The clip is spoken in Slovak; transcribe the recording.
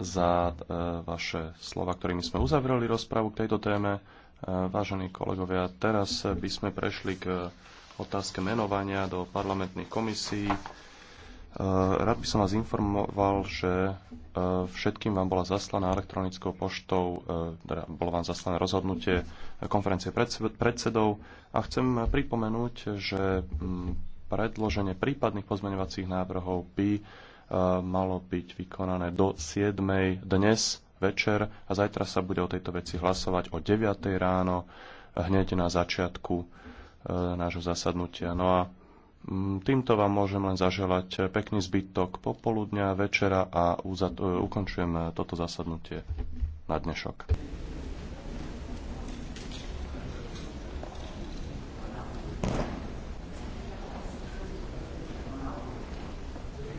za e, vaše slova, ktorými sme uzavreli rozpravu k tejto téme. E, vážení kolegovia, teraz by sme prešli k otázke menovania do parlamentných komisí. E, rád by som vás informoval, že všetkým vám bola zaslaná elektronickou poštou, teda bolo vám zaslané rozhodnutie konferencie predsedov a chcem pripomenúť, že predloženie prípadných pozmeňovacích návrhov by Eh, malo byť vykonané do 7. dnes večer a zajtra sa bude o tejto veci hlasovať o 9. ráno hneď na začiatku eh, nášho zasadnutia. No a mm, týmto vám môžem len zaželať pekný zbytok popoludňa, večera a eh, ukončujem toto zasadnutie na dnešok.